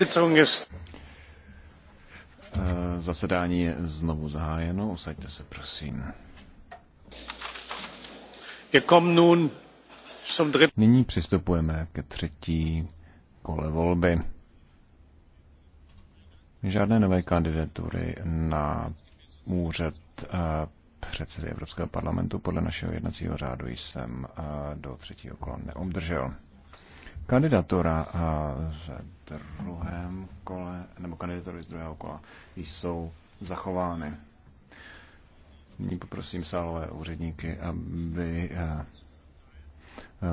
Eh, zasedání je znovu zahájeno, usaďte se prosím. Nyní přistupujeme ke třetí kole volby. Žádné nové kandidatury na úřad eh, předsedy Evropského parlamentu podle našeho jednacího řádu jsem eh, do třetího kola neobdržel kandidatura a v druhém kole, nebo kandidatury z druhého kola jsou zachovány. Nyní poprosím sálové úředníky, aby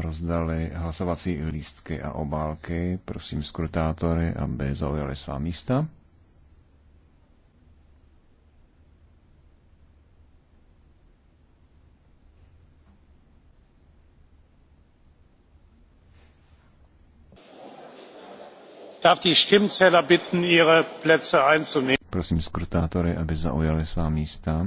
rozdali hlasovací lístky a obálky. Prosím skrutátory, aby zaujali svá místa. darf die Stimmzähler bitten, ihre Plätze einzunehmen. Prosím skrutátory, aby zaujali svá místa.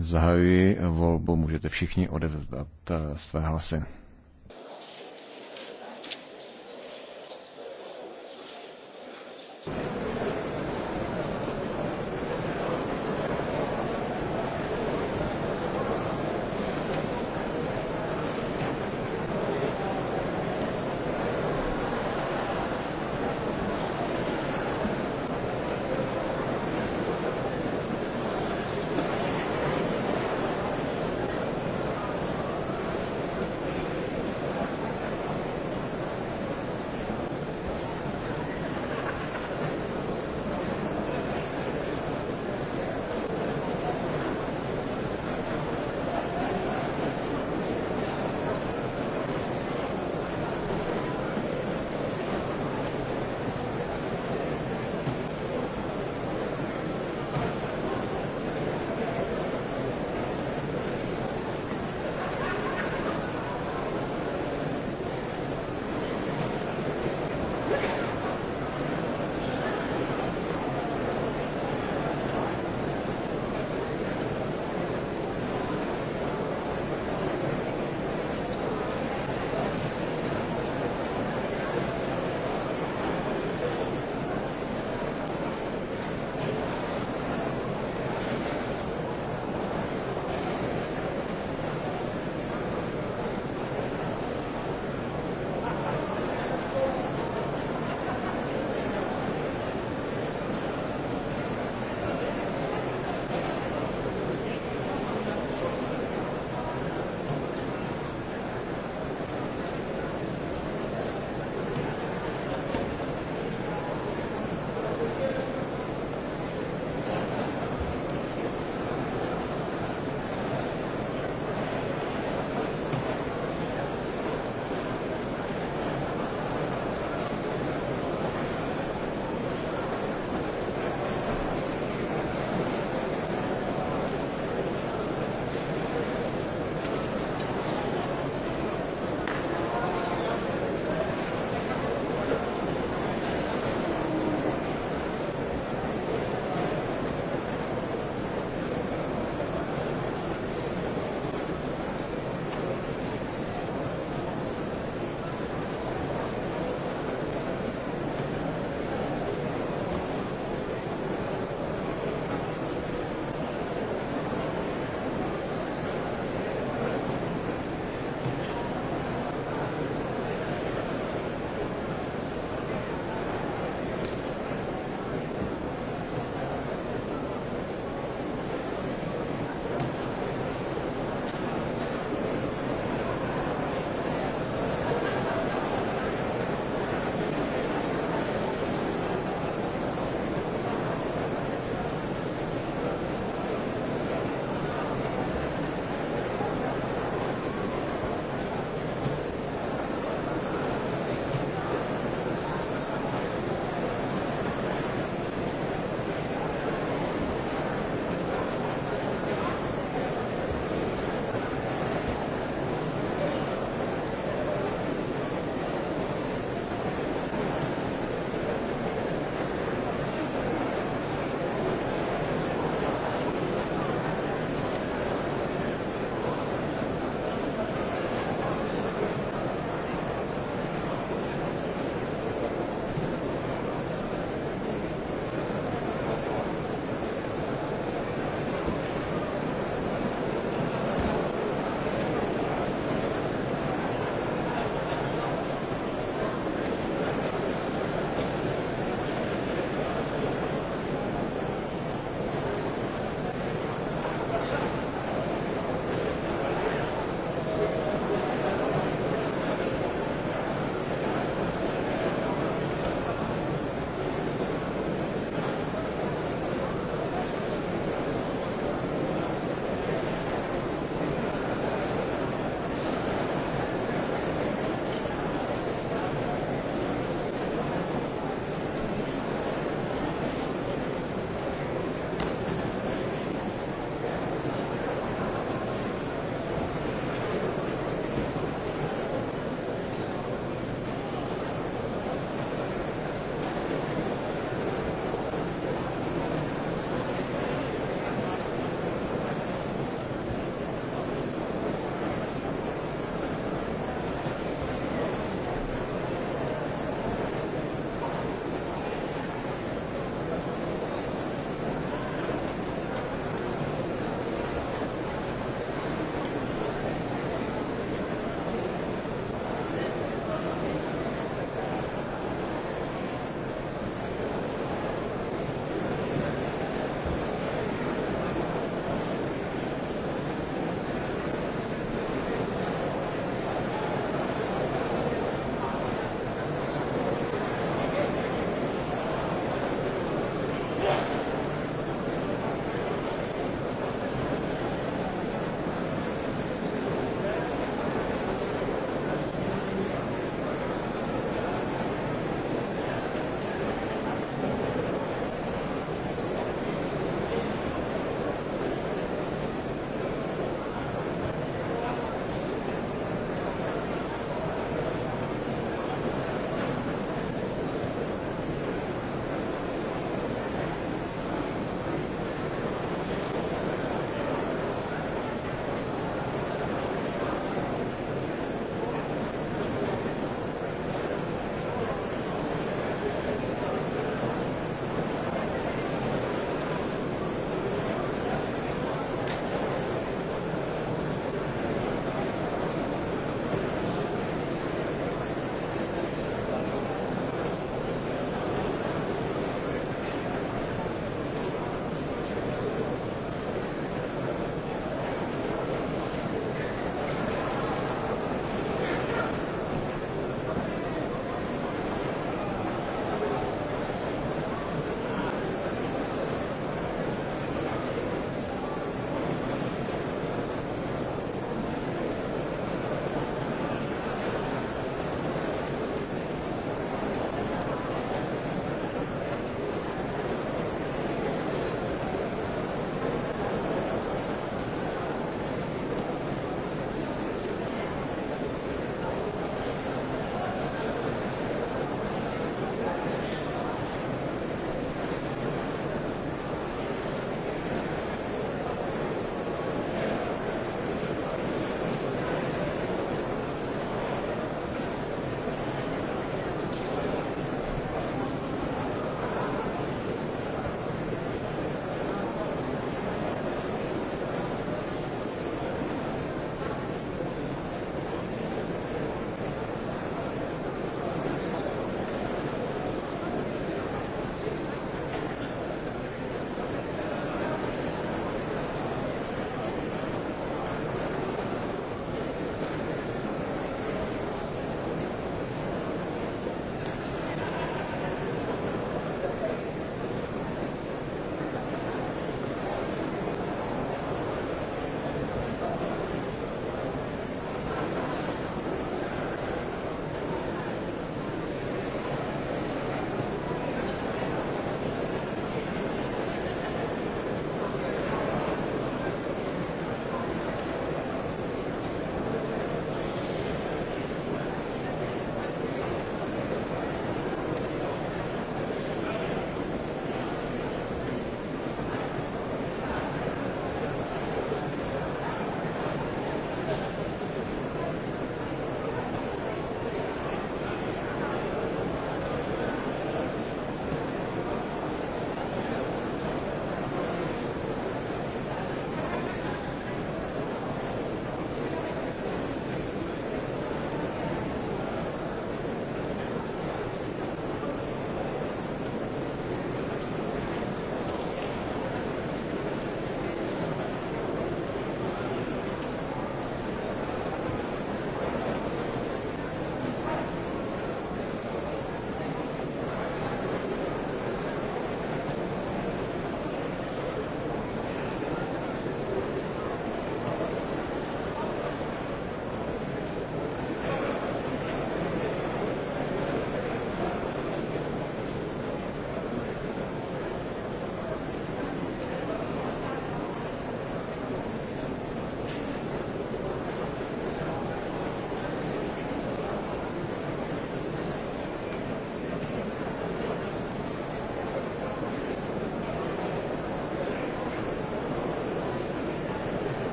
Zahajuji volbu, můžete všichni odevzdat eh, své hlasy.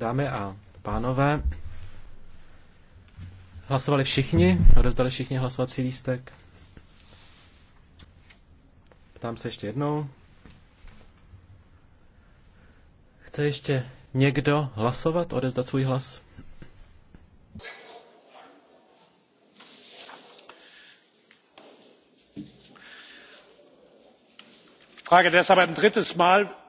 Dámy a pánové, hlasovali všichni, rozdali všichni hlasovací lístek. Ptám se ještě jednou. Chce ještě někdo hlasovat, odevzdat svůj hlas? Frage deshalb ein drittes Mal,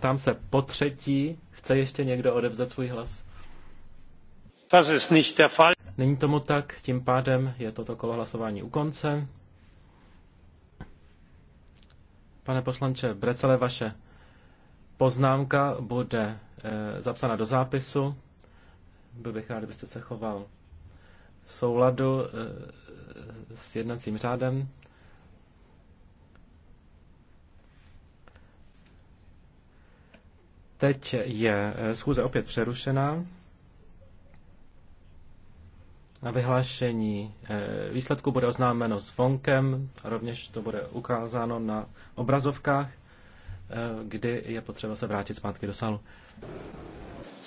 tam se po třetí, chce ještě někdo odevzdat svůj hlas? Das ist nicht der Fall. Není tomu tak, tím pádem je toto kolo hlasování u konce. Pane poslanče Brecele, vaše poznámka bude e, zapsána do zápisu. Byl bych rád, kdybyste se choval v souladu e, s jednacím řádem. Teď je eh, schůze opět přerušená a vyhlášení eh, výsledku bude oznámeno zvonkem. a rovněž to bude ukázáno na obrazovkách, eh, kdy je potřeba se vrátit zpátky do salu.